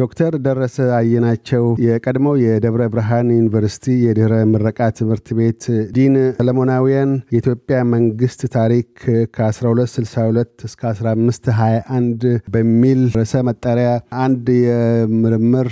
ዶክተር ደረሰ አየናቸው የቀድሞው የደብረ ብርሃን ዩኒቨርሲቲ የድኅረ ምረቃ ትምህርት ቤት ዲን፣ ሰለሞናውያን የኢትዮጵያ መንግስት ታሪክ ከ1262 እስከ 1521 በሚል ርዕሰ መጠሪያ አንድ የምርምር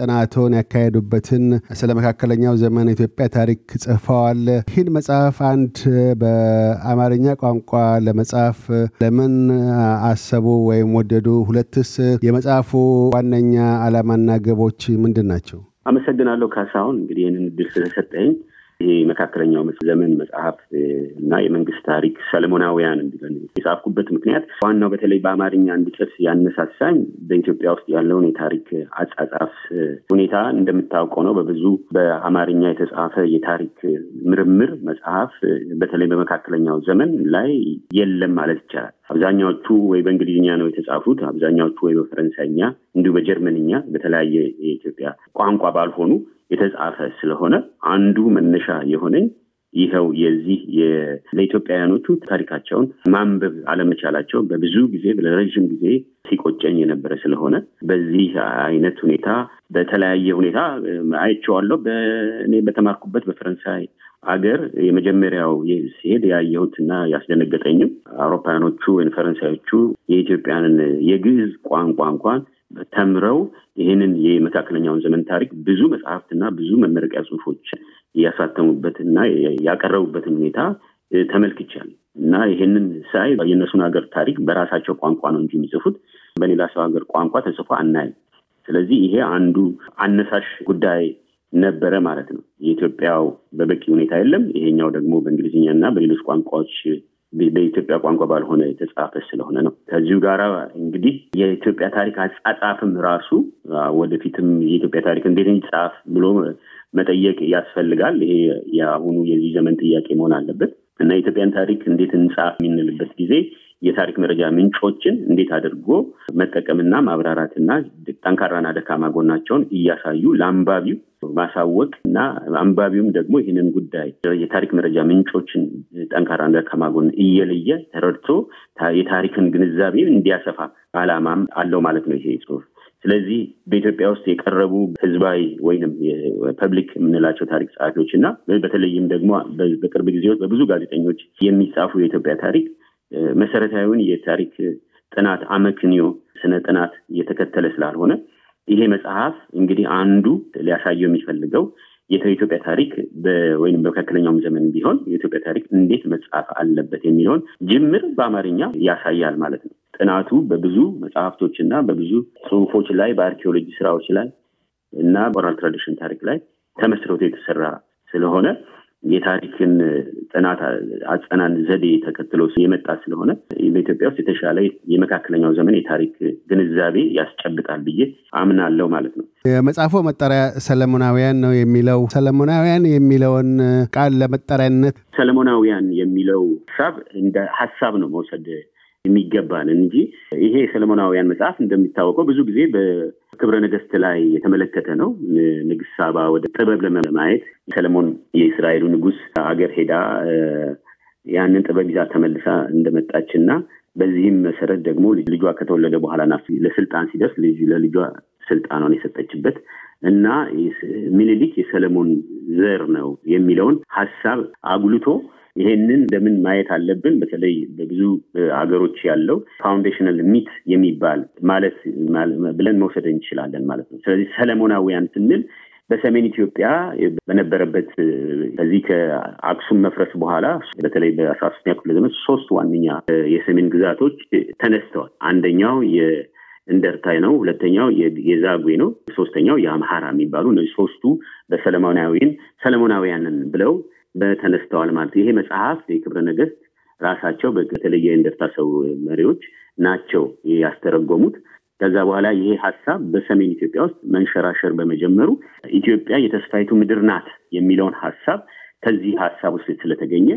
ጥናቶን ያካሄዱበትን ስለ መካከለኛው ዘመን ኢትዮጵያ ታሪክ ጽፈዋል። ይህን መጽሐፍ አንድ በአማርኛ ቋንቋ ለመጻፍ ለምን አሰቡ ወይም ወደዱ? ሁለትስ የመጽሐፉ ዋነኛ ዓላማና ግቦች ምንድን ናቸው? አመሰግናለሁ ካሳሁን እንግዲህ ይህንን እድል ስለሰጠኝ። ይሄ መካከለኛው ዘመን መጽሐፍ እና የመንግስት ታሪክ ሰለሞናውያን እንዲለን የጻፍኩበት ምክንያት ዋናው በተለይ በአማርኛ እንድጽፍ ያነሳሳኝ በኢትዮጵያ ውስጥ ያለውን የታሪክ አጻጻፍ ሁኔታ እንደምታውቀው ነው። በብዙ በአማርኛ የተጻፈ የታሪክ ምርምር መጽሐፍ በተለይ በመካከለኛው ዘመን ላይ የለም ማለት ይቻላል። አብዛኛዎቹ ወይ በእንግሊዝኛ ነው የተጻፉት፣ አብዛኛዎቹ ወይ በፈረንሳይኛ እንዲሁ በጀርመንኛ በተለያየ የኢትዮጵያ ቋንቋ ባልሆኑ የተጻፈ ስለሆነ አንዱ መነሻ የሆነኝ ይኸው የዚህ ለኢትዮጵያውያኖቹ ታሪካቸውን ማንበብ አለመቻላቸው በብዙ ጊዜ ለረዥም ጊዜ ሲቆጨኝ የነበረ ስለሆነ በዚህ አይነት ሁኔታ በተለያየ ሁኔታ አይቼዋለሁ። በእኔ በተማርኩበት በፈረንሳይ አገር የመጀመሪያው ሲሄድ ያየሁት እና ያስደነገጠኝም አውሮፓውያኖቹ ወይም ፈረንሳዮቹ የኢትዮጵያንን የግዕዝ ቋንቋ እንኳን ተምረው ይህንን የመካከለኛውን ዘመን ታሪክ ብዙ መጽሐፍትና ብዙ መመረቂያ ጽሁፎች ያሳተሙበትና ያቀረቡበትን ሁኔታ ተመልክቻለሁ። እና ይህንን ሳይ የእነሱን ሀገር ታሪክ በራሳቸው ቋንቋ ነው እንጂ የሚጽፉት በሌላ ሰው ሀገር ቋንቋ ተጽፎ አናይም። ስለዚህ ይሄ አንዱ አነሳሽ ጉዳይ ነበረ ማለት ነው። የኢትዮጵያው በበቂ ሁኔታ የለም፣ ይሄኛው ደግሞ በእንግሊዝኛ እና በሌሎች ቋንቋዎች በኢትዮጵያ ቋንቋ ባልሆነ የተጻፈ ስለሆነ ነው። ከዚሁ ጋር እንግዲህ የኢትዮጵያ ታሪክ አጻጻፍም ራሱ ወደፊትም የኢትዮጵያ ታሪክ እንዴት ይጻፍ ብሎ መጠየቅ ያስፈልጋል። ይሄ የአሁኑ የዚህ ዘመን ጥያቄ መሆን አለበት። እና የኢትዮጵያን ታሪክ እንዴት እንጻፍ የምንልበት ጊዜ የታሪክ መረጃ ምንጮችን እንዴት አድርጎ መጠቀምና ማብራራትና ጠንካራና ደካማ ጎናቸውን እያሳዩ ለአንባቢው ማሳወቅ እና አንባቢውም ደግሞ ይህንን ጉዳይ የታሪክ መረጃ ምንጮችን ጠንካራና ደካማ ጎን እየለየ ተረድቶ የታሪክን ግንዛቤ እንዲያሰፋ አላማም አለው ማለት ነው ይሄ ጽሁፍ። ስለዚህ በኢትዮጵያ ውስጥ የቀረቡ ህዝባዊ ወይም ፐብሊክ የምንላቸው ታሪክ ጸሐፊዎች እና በተለይም ደግሞ በቅርብ ውስጥ በብዙ ጋዜጠኞች የሚጻፉ የኢትዮጵያ ታሪክ መሰረታዊውን የታሪክ ጥናት አመክንዮ ስነ ጥናት እየተከተለ ስላልሆነ ይሄ መጽሐፍ እንግዲህ አንዱ ሊያሳየው የሚፈልገው የኢትዮጵያ ታሪክ ወይም በመካከለኛውም ዘመን ቢሆን የኢትዮጵያ ታሪክ እንዴት መጽሐፍ አለበት የሚለውን ጅምር በአማርኛ ያሳያል ማለት ነው። ጥናቱ በብዙ መጽሐፍቶች እና በብዙ ጽሁፎች ላይ በአርኪኦሎጂ ስራዎች ላይ እና በኦራል ትራዲሽን ታሪክ ላይ ተመስርቶ የተሰራ ስለሆነ የታሪክን ጥናት አጸናን ዘዴ ተከትሎ የመጣ ስለሆነ በኢትዮጵያ ውስጥ የተሻለ የመካከለኛው ዘመን የታሪክ ግንዛቤ ያስጨብጣል ብዬ አምናለው ማለት ነው። የመጽሐፉ መጠሪያ ሰለሞናውያን ነው የሚለው ሰለሞናውያን የሚለውን ቃል ለመጠሪያነት ሰለሞናውያን የሚለው ሀሳብ እንደ ሀሳብ ነው መውሰድ የሚገባንን እንጂ ይሄ የሰለሞናውያን መጽሐፍ እንደሚታወቀው ብዙ ጊዜ በክብረ ነገስት ላይ የተመለከተ ነው። ንግስት ሳባ ወደ ጥበብ ለማየት ሰለሞን የእስራኤሉ ንጉስ አገር ሄዳ ያንን ጥበብ ይዛ ተመልሳ እንደመጣች እና በዚህም መሰረት ደግሞ ልጇ ከተወለደ በኋላ ና ለስልጣን ሲደርስ ለልጇ ስልጣኗን የሰጠችበት እና ሚኒሊክ የሰለሞን ዘር ነው የሚለውን ሀሳብ አጉልቶ ይሄንን ለምን ማየት አለብን? በተለይ በብዙ ሀገሮች ያለው ፋውንዴሽናል ሚት የሚባል ማለት ብለን መውሰድ እንችላለን ማለት ነው። ስለዚህ ሰለሞናዊያን ስንል በሰሜን ኢትዮጵያ በነበረበት ከዚህ ከአክሱም መፍረስ በኋላ በተለይ በአስራ ሶስተኛ ክፍለ ዘመን ሶስት ዋነኛ የሰሜን ግዛቶች ተነስተዋል። አንደኛው እንደርታ ነው። ሁለተኛው የዛጉዌ ነው። ሶስተኛው የአምሃራ የሚባሉ እነዚህ ሶስቱ በሰለሞናዊን ሰለሞናውያንን ብለው ተነስተዋል ማለት ይሄ መጽሐፍ የክብረ ነገስት ራሳቸው በተለየ እንደርታ ሰው መሪዎች ናቸው ያስተረጎሙት። ከዛ በኋላ ይሄ ሀሳብ በሰሜን ኢትዮጵያ ውስጥ መንሸራሸር በመጀመሩ ኢትዮጵያ የተስፋይቱ ምድር ናት የሚለውን ሀሳብ ከዚህ ሀሳብ ውስጥ ስለተገኘ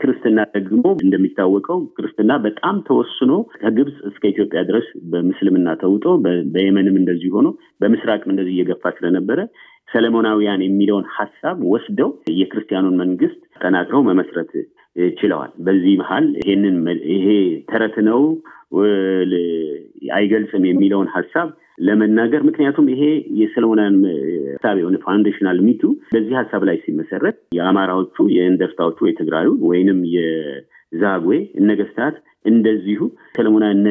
ክርስትና ደግሞ እንደሚታወቀው ክርስትና በጣም ተወስኖ ከግብፅ እስከ ኢትዮጵያ ድረስ በምስልምና ተውጦ በየመንም እንደዚህ ሆኖ በምስራቅም እንደዚህ እየገፋ ስለነበረ ሰለሞናውያን የሚለውን ሀሳብ ወስደው የክርስቲያኑን መንግስት አጠናክረው መመስረት ችለዋል። በዚህ መሀል ይሄንን ይሄ ተረት ነው አይገልጽም የሚለውን ሀሳብ ለመናገር ምክንያቱም ይሄ የሰለሞናን ሀሳብ የሆነ ፋውንዴሽናል ሚቱ በዚህ ሀሳብ ላይ ሲመሰረት የአማራዎቹ፣ የእንደርታዎቹ፣ የትግራዩ ወይንም የዛጉዌ ነገስታት እንደዚሁ ሰለሞናን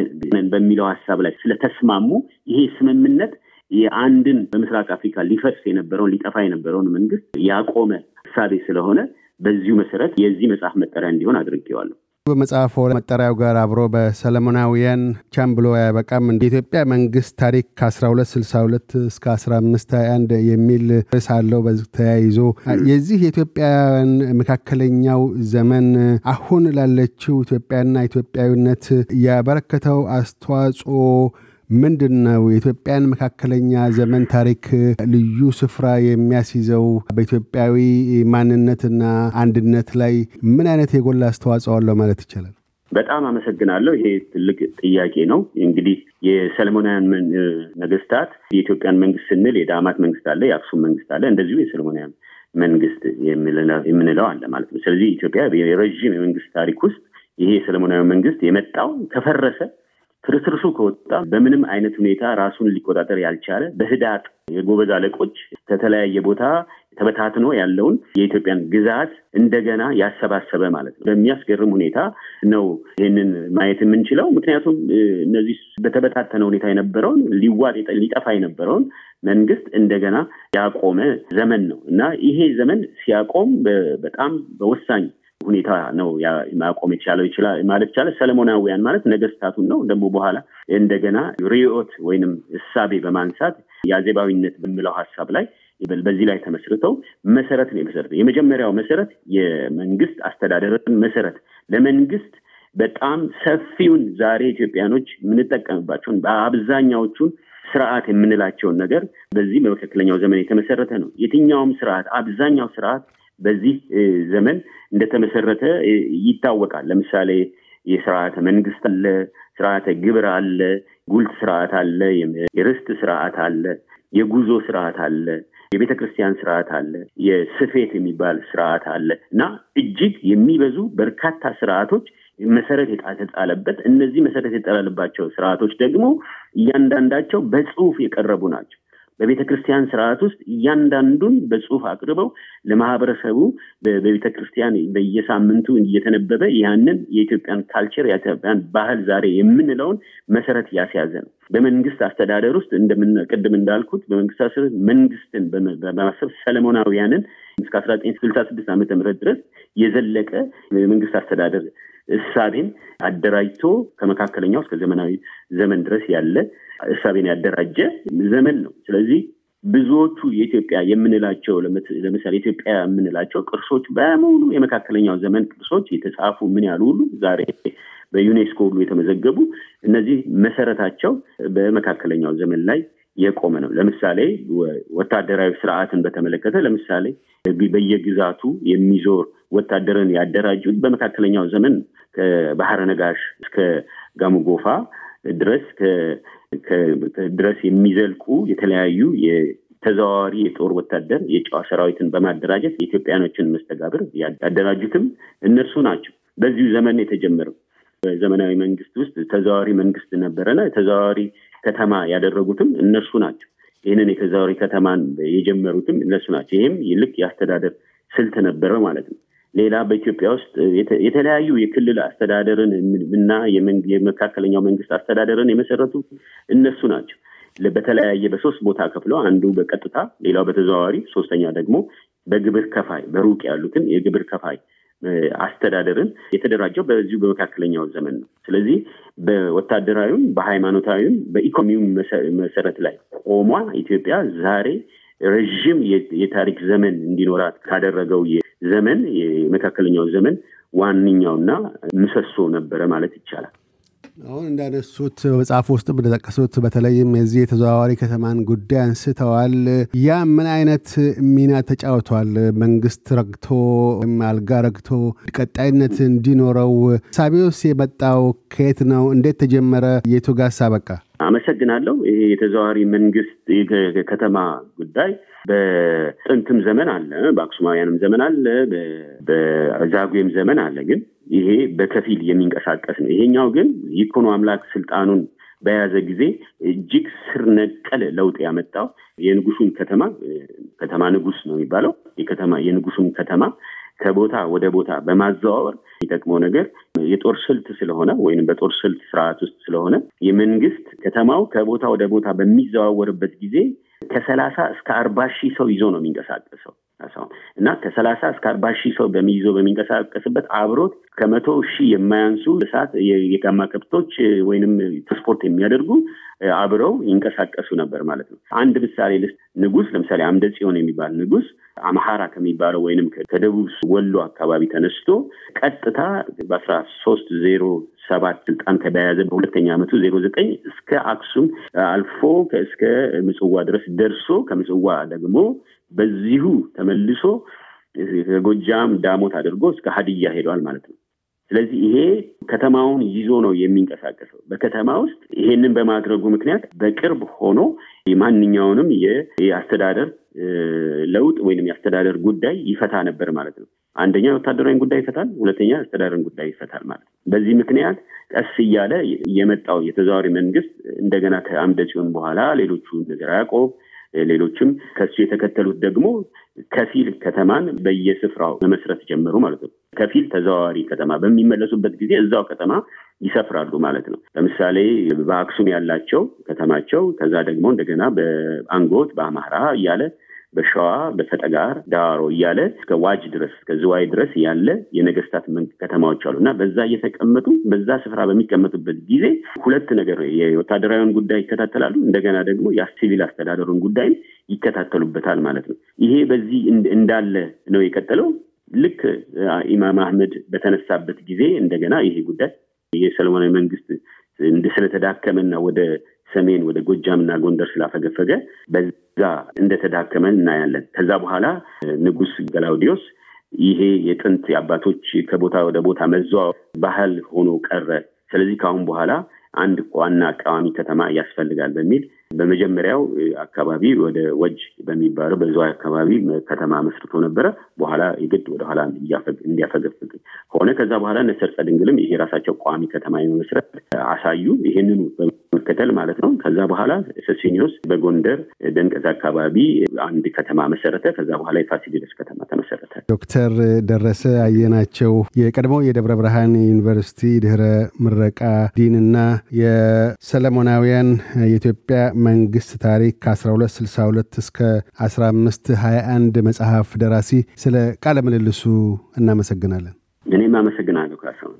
በሚለው ሀሳብ ላይ ስለተስማሙ ይሄ ስምምነት የአንድን በምስራቅ አፍሪካ ሊፈርስ የነበረውን ሊጠፋ የነበረውን መንግስት ያቆመ ሳቤ ስለሆነ በዚሁ መሰረት የዚህ መጽሐፍ መጠሪያ እንዲሆን አድርጌዋለሁ። በመጽሐፎ መጠሪያው ጋር አብሮ በሰለሞናውያን ቻም ብሎ አያበቃም። እንደ ኢትዮጵያ መንግስት ታሪክ ከ1262 እስከ 1521 የሚል ርዕስ አለው። ተያይዞ የዚህ የኢትዮጵያውያን መካከለኛው ዘመን አሁን ላለችው ኢትዮጵያና ኢትዮጵያዊነት ያበረከተው አስተዋጽኦ ምንድን ነው የኢትዮጵያን መካከለኛ ዘመን ታሪክ ልዩ ስፍራ የሚያስይዘው? በኢትዮጵያዊ ማንነትና አንድነት ላይ ምን አይነት የጎላ አስተዋጽኦ አለው ማለት ይቻላል? በጣም አመሰግናለሁ። ይሄ ትልቅ ጥያቄ ነው። እንግዲህ የሰለሞናውያን ነገስታት የኢትዮጵያን መንግስት ስንል የዳማት መንግስት አለ፣ የአክሱም መንግስት አለ፣ እንደዚሁ የሰለሞናውያን መንግስት የምንለው አለ ማለት ነው። ስለዚህ ኢትዮጵያ የረዥም የመንግስት ታሪክ ውስጥ ይሄ የሰለሞናዊ መንግስት የመጣው ከፈረሰ ፍርስርሱ ከወጣ በምንም አይነት ሁኔታ ራሱን ሊቆጣጠር ያልቻለ በህዳጥ የጎበዝ አለቆች ከተለያየ ቦታ ተበታትኖ ያለውን የኢትዮጵያን ግዛት እንደገና ያሰባሰበ ማለት ነው። በሚያስገርም ሁኔታ ነው ይህንን ማየት የምንችለው። ምክንያቱም እነዚህ በተበታተነ ሁኔታ የነበረውን ሊዋጥ ሊጠፋ የነበረውን መንግስት እንደገና ያቆመ ዘመን ነው እና ይሄ ዘመን ሲያቆም በጣም በወሳኝ ሁኔታ ነው ማቆም የቻለው ይችላል ማለት ይቻላል። ሰለሞናውያን ማለት ነገስታቱን ነው ደግሞ በኋላ እንደገና ሪዮት ወይንም እሳቤ በማንሳት የአዜባዊነት በምለው ሀሳብ ላይ በዚህ ላይ ተመስርተው መሰረት ነው የመሰረተው። የመጀመሪያው መሰረት የመንግስት አስተዳደርን መሰረት ለመንግስት በጣም ሰፊውን ዛሬ ኢትዮጵያኖች የምንጠቀምባቸውን በአብዛኛዎቹን ስርዓት የምንላቸውን ነገር በዚህ በመካከለኛው ዘመን የተመሰረተ ነው። የትኛውም ስርዓት አብዛኛው ስርዓት በዚህ ዘመን እንደተመሰረተ ይታወቃል። ለምሳሌ የስርዓተ መንግስት አለ፣ ስርዓተ ግብር አለ፣ ጉልት ስርዓት አለ፣ የርስት ስርዓት አለ፣ የጉዞ ስርዓት አለ፣ የቤተ ክርስቲያን ስርዓት አለ፣ የስፌት የሚባል ስርዓት አለ እና እጅግ የሚበዙ በርካታ ስርዓቶች መሰረት የተጣለበት እነዚህ መሰረት የጠላልባቸው ስርዓቶች ደግሞ እያንዳንዳቸው በጽሁፍ የቀረቡ ናቸው። በቤተ ክርስቲያን ስርዓት ውስጥ እያንዳንዱን በጽሁፍ አቅርበው ለማህበረሰቡ በቤተ ክርስቲያን በየሳምንቱ እየተነበበ ያንን የኢትዮጵያን ካልቸር የኢትዮጵያን ባህል ዛሬ የምንለውን መሰረት ያስያዘ ነው። በመንግስት አስተዳደር ውስጥ ቅድም እንዳልኩት በመንግስት አስተዳደር መንግስትን በማሰብ ሰለሞናውያንን እስከ አስራ ዘጠኝ ስልሳ ስድስት ዓመተ ምህረት ድረስ የዘለቀ መንግስት አስተዳደር እሳቤን አደራጅቶ ከመካከለኛው እስከ ዘመናዊ ዘመን ድረስ ያለ እሳቤን ያደራጀ ዘመን ነው። ስለዚህ ብዙዎቹ የኢትዮጵያ የምንላቸው ለምሳሌ ኢትዮጵያ የምንላቸው ቅርሶች በሙሉ የመካከለኛው ዘመን ቅርሶች የተጻፉ ምን ያሉ ሁሉ ዛሬ በዩኔስኮ ሁሉ የተመዘገቡ እነዚህ መሰረታቸው በመካከለኛው ዘመን ላይ የቆመ ነው። ለምሳሌ ወታደራዊ ስርዓትን በተመለከተ ለምሳሌ በየግዛቱ የሚዞር ወታደርን ያደራጁት በመካከለኛው ዘመን ከባህረ ነጋሽ እስከ ጋሙጎፋ ድረስ ድረስ የሚዘልቁ የተለያዩ ተዘዋዋሪ የጦር ወታደር የጨዋ ሰራዊትን በማደራጀት የኢትዮጵያኖችን መስተጋብር ያደራጁትም እነርሱ ናቸው። በዚሁ ዘመን የተጀመረው በዘመናዊ መንግስት ውስጥ ተዘዋዋሪ መንግስት ነበረና ተዘዋዋሪ ከተማ ያደረጉትም እነሱ ናቸው። ይህንን የተዘዋዋሪ ከተማን የጀመሩትም እነሱ ናቸው። ይህም ልክ የአስተዳደር ስልት ነበረ ማለት ነው። ሌላ በኢትዮጵያ ውስጥ የተለያዩ የክልል አስተዳደርን እና የመካከለኛው መንግስት አስተዳደርን የመሰረቱ እነሱ ናቸው። በተለያየ በሶስት ቦታ ከፍለው አንዱ በቀጥታ ሌላው በተዘዋዋሪ ሶስተኛ ደግሞ በግብር ከፋይ በሩቅ ያሉትን የግብር ከፋይ አስተዳደርን የተደራጀው በዚሁ በመካከለኛው ዘመን ነው። ስለዚህ በወታደራዊም፣ በሃይማኖታዊም፣ በኢኮኖሚውም መሰረት ላይ ቆሟ ኢትዮጵያ ዛሬ ረዥም የታሪክ ዘመን እንዲኖራት ካደረገው ዘመን የመካከለኛው ዘመን ዋነኛውና ምሰሶ ነበረ ማለት ይቻላል። አሁን እንዳነሱት መጽሐፍ ውስጥም እንደጠቀሱት በተለይም የዚህ የተዘዋዋሪ ከተማን ጉዳይ አንስተዋል። ያ ምን አይነት ሚና ተጫውቷል? መንግስት ረግቶ ወይም አልጋ ረግቶ ቀጣይነት እንዲኖረው ሳቢውስ የመጣው ከየት ነው? እንዴት ተጀመረ? የቱ ጋር ሳበቃ? አመሰግናለሁ። ይሄ የተዘዋዋሪ መንግስት ከተማ ጉዳይ በጥንትም ዘመን አለ፣ በአክሱማውያንም ዘመን አለ፣ በዛጉም ዘመን አለ። ግን ይሄ በከፊል የሚንቀሳቀስ ነው። ይሄኛው ግን ይኮኑ አምላክ ስልጣኑን በያዘ ጊዜ እጅግ ስር ነቀል ለውጥ ያመጣው የንጉሱን ከተማ ከተማ ንጉስ ነው የሚባለው የከተማ የንጉሱን ከተማ ከቦታ ወደ ቦታ በማዘዋወር የሚጠቅመው ነገር የጦር ስልት ስለሆነ ወይም በጦር ስልት ስርዓት ውስጥ ስለሆነ የመንግስት ከተማው ከቦታ ወደ ቦታ በሚዘዋወርበት ጊዜ ከሰላሳ እስከ አርባ ሺህ ሰው ይዞ ነው የሚንቀሳቀሰው አሳውን እና ከሰላሳ እስከ አርባ ሺህ ሰው በሚይዞ በሚንቀሳቀስበት አብሮት ከመቶ ሺህ የማያንሱ እሳት የጋማ ከብቶች ወይንም ትስፖርት የሚያደርጉ አብረው ይንቀሳቀሱ ነበር ማለት ነው። አንድ ምሳሌ ልስ ንጉስ ለምሳሌ አምደ ጽዮን የሚባል ንጉስ አምሃራ ከሚባለው ወይንም ከደቡብ ወሎ አካባቢ ተነስቶ ቀጥታ በአስራ ሶስት ዜሮ ሰባት ስልጣን ከበያዘ በሁለተኛ ዓመቱ ዜሮ ዘጠኝ እስከ አክሱም አልፎ እስከ ምጽዋ ድረስ ደርሶ ከምጽዋ ደግሞ በዚሁ ተመልሶ ጎጃም ዳሞት አድርጎ እስከ ሀዲያ ሄዷል ማለት ነው። ስለዚህ ይሄ ከተማውን ይዞ ነው የሚንቀሳቀሰው። በከተማ ውስጥ ይሄንን በማድረጉ ምክንያት በቅርብ ሆኖ ማንኛውንም የአስተዳደር ለውጥ ወይም የአስተዳደር ጉዳይ ይፈታ ነበር ማለት ነው። አንደኛ ወታደራዊ ጉዳይ ይፈታል፣ ሁለተኛ አስተዳደርን ጉዳይ ይፈታል ማለት ነው። በዚህ ምክንያት ቀስ እያለ የመጣው የተዘዋሪ መንግስት እንደገና ከአምደ ጽዮን በኋላ ሌሎቹ ነገር ያዕቆብ ሌሎችም ከሱ የተከተሉት ደግሞ ከፊል ከተማን በየስፍራው መመስረት ጀመሩ ማለት ነው። ከፊል ተዘዋዋሪ ከተማ በሚመለሱበት ጊዜ እዛው ከተማ ይሰፍራሉ ማለት ነው። ለምሳሌ በአክሱም ያላቸው ከተማቸው፣ ከዛ ደግሞ እንደገና በአንጎት በአማራ እያለ በሸዋ በፈጠጋር ዳዋሮ እያለ እስከ ዋጅ ድረስ እስከ ዝዋይ ድረስ ያለ የነገስታት ከተማዎች አሉ እና በዛ እየተቀመጡ በዛ ስፍራ በሚቀመጡበት ጊዜ ሁለት ነገር የወታደራዊን ጉዳይ ይከታተላሉ። እንደገና ደግሞ የሲቪል አስተዳደሩን ጉዳይም ይከታተሉበታል ማለት ነው። ይሄ በዚህ እንዳለ ነው የቀጠለው። ልክ ኢማም አህመድ በተነሳበት ጊዜ እንደገና ይሄ ጉዳይ የሰለሞናዊ መንግስት ስለተዳከመና ወደ ሰሜን ወደ ጎጃምና ጎንደር ስላፈገፈገ በዛ እንደተዳከመ እናያለን። ከዛ በኋላ ንጉስ ገላውዲዮስ ይሄ የጥንት የአባቶች ከቦታ ወደ ቦታ መዘዋ ባህል ሆኖ ቀረ። ስለዚህ ከአሁን በኋላ አንድ ዋና ቃዋሚ ከተማ ያስፈልጋል በሚል በመጀመሪያው አካባቢ ወደ ወጅ በሚባለው በዚያ አካባቢ ከተማ መስርቶ ነበረ። በኋላ የግድ ወደኋላ እንዲያፈገፍግ ከሆነ ከዛ በኋላ እነ ሰርጸ ድንግልም ይሄ የራሳቸው ቋሚ ከተማ የመመስረት አሳዩ። ይሄንኑ መከተል ማለት ነው። ከዛ በኋላ ሰሲኒዮስ በጎንደር ደንቀዝ አካባቢ አንድ ከተማ መሰረተ። ከዛ በኋላ የፋሲሊደስ ከተማ ተመሰረተ። ዶክተር ደረሰ አየናቸው የቀድሞው የደብረ ብርሃን ዩኒቨርሲቲ ድህረ ምረቃ ዲንና የሰለሞናውያን የኢትዮጵያ መንግስት ታሪክ ከ1262 እስከ 1521 መጽሐፍ ደራሲ፣ ስለ ቃለ ምልልሱ እናመሰግናለን። እኔም አመሰግናለሁ ካሳሁን።